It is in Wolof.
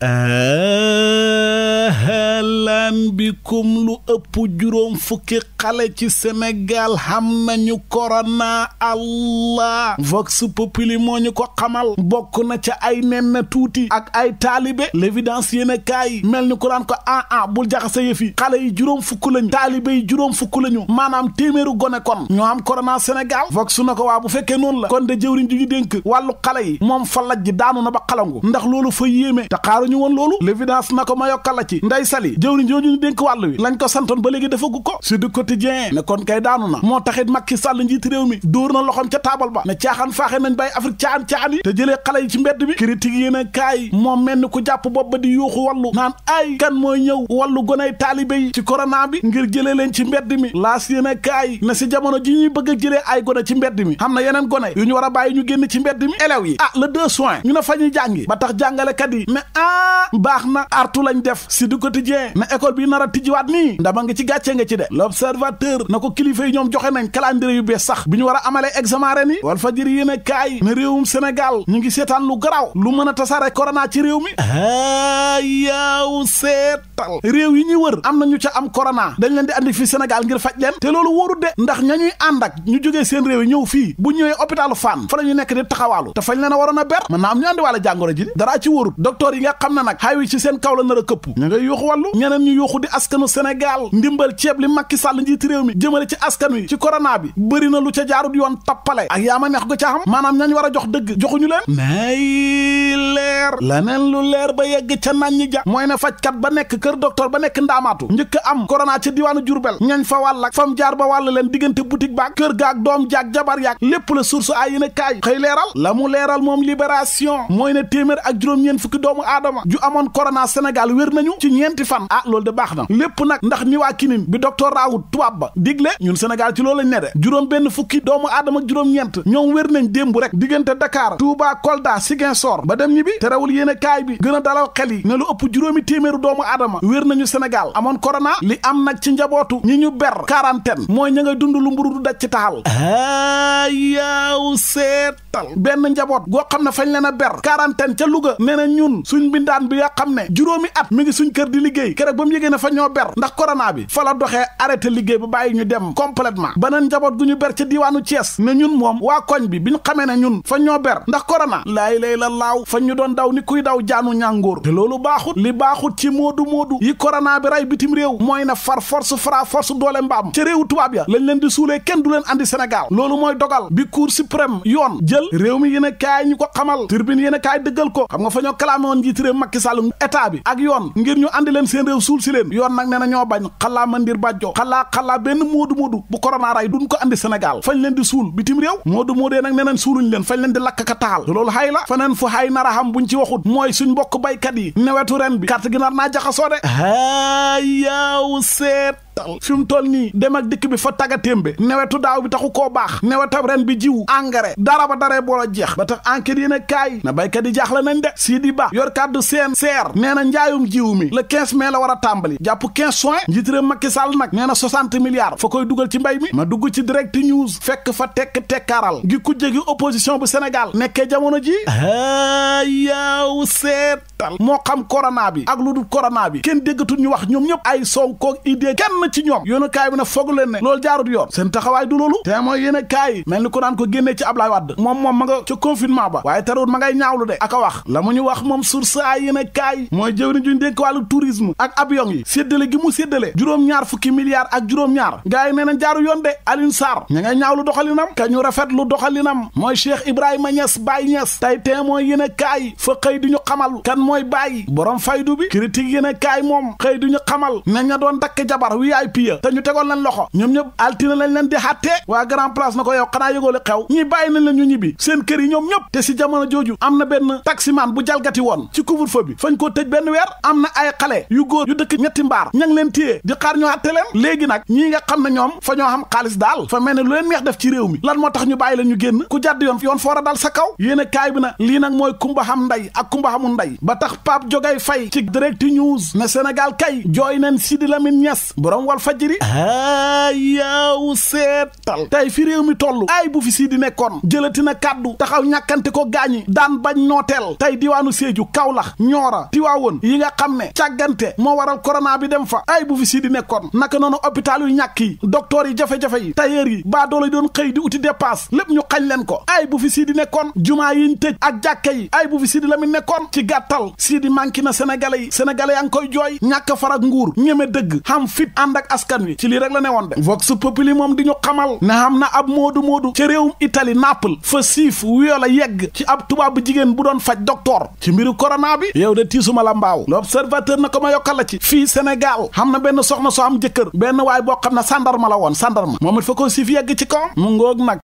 嗯。bikum lu ëpp juróom fukki xale ci Sénégal xam nañu korona allah vox populi moo ñu ko xamal bokk na ca ay nen na tuuti ak ay taalibe l'évidence yéen a kaay mel ni ko daan ko ah ah bul jaxase yëf yi xale yi juróom fukk lañu taalibe yi juróom fukk lañu maanaam téeméeru gone kon ñoo am korona Sénégal vox na ko waa bu fekkee noonu la kon de jëwriñ ju ñu dénk wàllu xale yi moom falaj ji daanu na ba xalangu ndax loolu fa yéeme te xaaruñu woon loolu l'évidence na ko ma ci nday jooju ñu dénk wàll wi lañ ko santoon ba léegi defagu ko su du quotidien ne kon kay daanu na moo taxit Macky Sall njiit réew mi dóor na loxoom ca taabal ba ne caaxaan faaxe nañ bàyyi Afrique caaxaan caaxaan yi te jëlee xale yi ci mbedd bi critique yéen a kaay moom mel ku jàpp bopp di yuuxu wallu naan ay kan mooy ñëw wallu gonay taalibe yi ci corona bi ngir jëlee leen ci mbedd mi laas yéen a kaay ne si jamono ji ñuy bëgg a jëlee ay gone ci mbedd mi xam na yeneen gone yu ñu war a bàyyi ñu génn ci mbedd mi élèves yi ah le deux soin ñu ne ba tax jàngalekat yi mais ah baax na artu lañ def si du quotidien école bi nar a tijjiwaat nii ndama nga ci gàccee nga ci de l'observateur na ko kilifa yi ñoom joxe nañ calendrier yu bees sax bi ñu war a amalee examen ren yi Walfadjri yéen a kaay ne réewum Sénégal ñu ngi seetaan lu garaaw lu mën a tasaare corona ci réew mi a ah, seet gàttal réew yi ñuy wër am na ñu ca am corona dañ leen di andi fii Sénégal ngir faj leen te loolu wóoru de ndax ña ñuy ànd ak ñu jógee seen réew yi ñëw fii bu ñëwee hôpitalu Fann fa la ñu nekk di taxawaalu te fañ leen a waroon a ber mën naa am ñu andi wàlla jàngoro ji dara ci wóorut docteur yi nga xam ne nag xay ci seen kaw la nar a këpp ñu ngay yuuxu wàllu ñeneen ñu yuuxu di askanu Sénégal ndimbal ceeb li Macky Sall njiit réew mi jëmale ci askan bi bëri na lu ca jaarut yoon tappale ak ma neex ko ca xam maanaam ñañ war a jox dëgg joxuñu leen nay leer leneen lu leer ba yegg ca nañ kër docteur ba nekk ndaamaatu njëkk am corona ca diwaanu Jurbel ñañ fa wàll ak fam jaar ba wàll leen diggante boutique baak kër gaak doom jaak jabar yaak lépp la source ay yéen a kaay xëy leeral la mu leeral moom libération mooy ne téeméer ak juróom-ñeent fukki doomu aadama ju amoon corona Sénégal wér nañu ci ñeenti fan ah loolu de baax na lépp nag ndax mi waa kinin bi docteur Raoult tubaab ba digle ñun Sénégal ci loolu lañ ne de juróom benn fukki doomu aadama ak juróom-ñeent ñoom wér nañ démb rek diggante Dakar Touba Kolda Ziguinchor ba dem ñi bi terewul yéen a kaay bi gën a dalaw xel yi ne lu ëpp juróomi téeméeru doomu aadama wér nañu Sénégal amoon corona li am nag ci njabootu ñi ñu ber quarantaine mooy ña ngay dund lu mburu du daj ci taxal a yaaw seetal benn njaboot goo xam ne fañ leen a ber quarantaine ca Louga nee na ñun suñ bindaan bi nga xam ne juróomi at mi ngi suñ kër di liggéey keroog ba mu yégée ne fa ñoo ber ndax korona bi fa la doxee arrêté liggéey ba bàyyi ñu dem complètement beneen njaboot gu ñu ber ca diiwaanu Thiès ne ñun moom waa koñ bi bi ñu xamee ne ñun fa ñoo ber ndax korona laay lay laaw fa ñu doon daw ni kuy daw jaanu ñàngoor te loolu juddu yi korona bi ray bitim réew mooy na far force fra force doole mbaam ca réewu tubaab ya lañ leen di suulee kenn du leen andi Sénégal loolu mooy dogal bi cour suprême yoon jël réew mi yéen a kaay ñu ko xamal turbine yéen a kaay dëggal ko xam nga fa kalaame woon njiit réew Macky bi ak yoon ngir ñu andi leen seen réew suul si leen yoon nag nee ñoo bañ xalaa mandir bàjjo xalaa xalaa benn moodu moodu bu korona ray duñ ko andi Sénégal fañ leen di suul bitim réew moodu moodee Hei, ao certo! gàttal fi mu toll nii dem ak dikk bi fa bi newetu daaw bi taxu koo baax newetab ren bi jiw engrais dara ba daree boola jeex ba tax enquête yéen a kaay na béykat yi jaaxle nañ de Sidi Ba yor kàddu seen seer nee na njaayum jiw mi la 15 mai la war a tàmbali jàpp 15 juin njiit réew Macky Sall nag nee na 60 milliards fa koy dugal ci mbay mi ma dugg ci direct news fekk fa tekk tekkaaral gi ku jegi opposition bu senegal nekkee jamono ji ayaw seetal moo xam corona bi ak lu corona bi kenn déggatul ñu wax ñoom ñëpp ay soow koog idée ci ñoom yéen a kaay bi leen ne loolu jaarut yoon seen taxawaay du loolu te mooy yéen a kaay mel ni ko naan ko génnee ci Ablaye Wade moom moom ma nga ca confinement ba waaye terewul ma ngay ñaawlu de aka wax la mu ñu wax moom source ay a kaay mooy jëwriñ juñ dénk wàllu tourisme ak avion yi séddale gi mu séddale juróom-ñaar fukki milliards ak juróom-ñaar gars yi nee na jaaru yoon de Alioune Sarr ña ngay ñaawlu doxalinam ka ñu rafet lu doxalinam mooy Cheikh Ibrahima Niass Baye Niass tey témoin yéen a kaay fa xëy du ñu xamal kan mooy Baye borom faydu bi critique yéen a kaay moom xëy di ñu xamal na ña doon dakk jabar wi VIP ya te ñu tegoon leen loxo ñoom ñëpp altine lañ leen di xàttee waa grand place na ko yow xanaa yëgoole xew ñi bàyyi nañ la ñibbi seen kër yi ñoom ñëpp te si jamono jooju am na benn taximan bu jalgati woon ci couvre-feu bi fañ koo tëj benn weer am na ay xale yu góor yu dëkk ñetti mbaar ña ngi leen téye di xaar ñu àtte leen léegi nag ñii nga xam ne ñoom fa ñoo xam xaalis daal fa mel lu leen neex def ci réew mi lan moo tax ñu bàyyi la ñu génn ku jàdd yoon yoon foora dal sa a xam nday ak kumba ba tax Pape Jogay Fay ci direct news ne Sénégal kay jooy neen Sidi am wal fajiri aa ah, yaaw seetal tey fi réew mi toll ay bu fi sii di nekkoon jëlati na kàddu taxaw ñàkkante ko gaañi daan bañ nooteel tey diwaanu Sédhiou Kaolack Nioro Tivaouane yi nga xam ne càggante moo waral corona bi dem fa ay bu fi sii nekkoon naka noonu hôpital yu ñàkk yi docteur yi jafe-jafe yi tailleur yi baa doole doon xëy di uti dépasse lépp ñu xañ leen ko ay bu fi sii di nekkoon jumaa yiñ tëj ak jàkka yi ay bu fi sii di la mi nekkoon ci gàttal sii di na sénégalais yi sénégalais yaa ngi koy jooy ñàkk farak nguur ñeme ndak askan wi ci lii rek la ne woon de vox populi moom di ñu xamal ne am na ab moodu moodu ca réewum Italie Naples fa siif wuyoo la yegg ci ab tubaab bu jigéen bu doon faj docteur ci mbiru corona bi yow de tiisuma la mbaaw l'observateur na ko ma yokkal la ci fii Sénégal xam na benn soxna soo am jëkkër benn waay boo xam ne sandarma la woon sandarma moom it fa ko siif yegg ci kaw mu ngoog nag